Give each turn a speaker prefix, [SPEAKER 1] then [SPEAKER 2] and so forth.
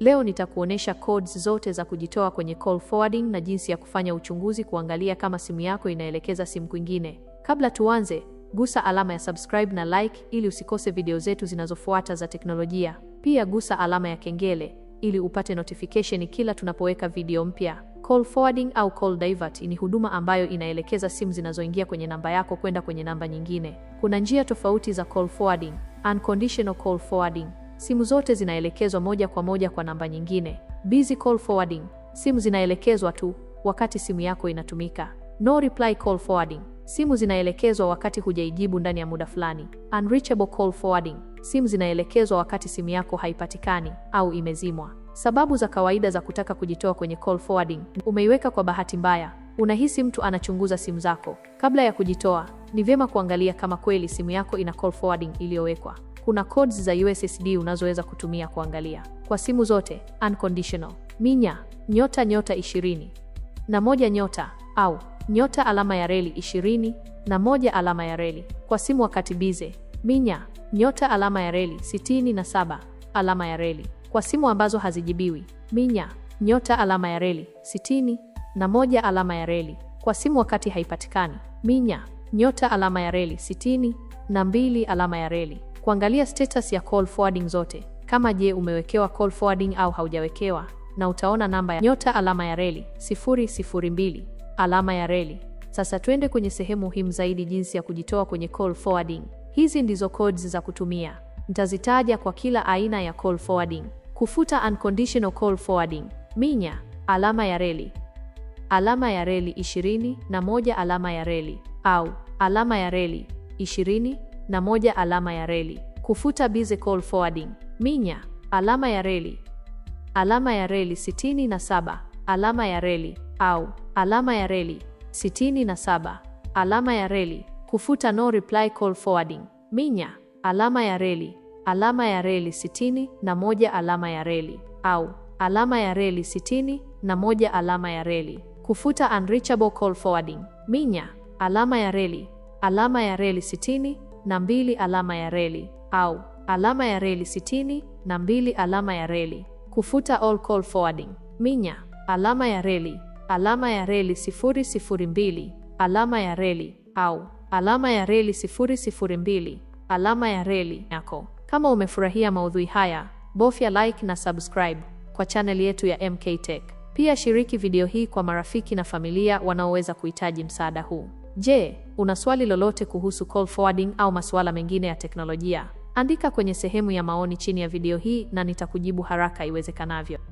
[SPEAKER 1] Leo nitakuonesha codes zote za kujitoa kwenye call forwarding na jinsi ya kufanya uchunguzi kuangalia kama simu yako inaelekeza simu kwingine. Kabla tuanze, gusa alama ya subscribe na like ili usikose video zetu zinazofuata za teknolojia. Pia gusa alama ya kengele ili upate notification kila tunapoweka video mpya. Call forwarding au call divert ni huduma ambayo inaelekeza simu zinazoingia kwenye namba yako kwenda kwenye namba nyingine. Kuna njia tofauti za call forwarding: unconditional call forwarding simu zote zinaelekezwa moja kwa moja kwa namba nyingine. Busy call forwarding, simu zinaelekezwa tu wakati simu yako inatumika. No reply call forwarding, simu zinaelekezwa wakati hujaijibu ndani ya muda fulani. Unreachable call forwarding, simu zinaelekezwa wakati simu yako haipatikani au imezimwa. Sababu za kawaida za kutaka kujitoa kwenye call forwarding: umeiweka kwa bahati mbaya Unahisi mtu anachunguza simu zako. Kabla ya kujitoa, ni vyema kuangalia kama kweli simu yako ina call forwarding iliyowekwa. Kuna codes za USSD unazoweza kutumia kuangalia kwa simu zote unconditional minya nyota nyota ishirini na moja nyota au nyota alama ya reli ishirini na moja alama ya reli kwa simu wakati bize minya nyota alama ya reli sitini na saba alama ya reli kwa simu ambazo hazijibiwi minya nyota alama ya reli sitini na moja alama ya reli kwa simu wakati haipatikani. Minya nyota alama ya reli sitini na mbili alama ya reli kuangalia status ya call forwarding zote, kama je, umewekewa call forwarding au haujawekewa, na utaona namba ya nyota alama ya reli sifuri sifuri mbili alama ya reli. Sasa twende kwenye sehemu muhimu zaidi, jinsi ya kujitoa kwenye call forwarding. Hizi ndizo codes za kutumia, nitazitaja kwa kila aina ya call forwarding. Kufuta unconditional call forwarding, minya alama ya reli alama ya reli ishirini na moja alama ya reli au alama ya reli ishirini na moja alama ya reli kufuta busy call forwarding minya alama ya reli alama ya reli sitini na saba alama ya reli au alama ya reli sitini na saba alama ya reli kufuta no reply call forwarding minya alama ya reli alama ya reli sitini na moja alama ya reli au alama ya reli sitini na moja alama ya reli kufuta unreachable call forwarding, minya alama ya reli alama ya reli sitini na mbili alama ya reli au alama ya reli sitini na mbili alama ya reli kufuta all call forwarding, minya alama ya reli alama ya reli sifuri sifuri mbili alama ya reli au alama ya reli sifuri sifuri mbili alama ya reli yako. Kama umefurahia maudhui haya, bofya like na subscribe kwa chaneli yetu ya MK Tech. Pia shiriki video hii kwa marafiki na familia wanaoweza kuhitaji msaada huu. Je, una swali lolote kuhusu call forwarding au masuala mengine ya teknolojia? Andika kwenye sehemu ya maoni chini ya video hii na nitakujibu haraka iwezekanavyo.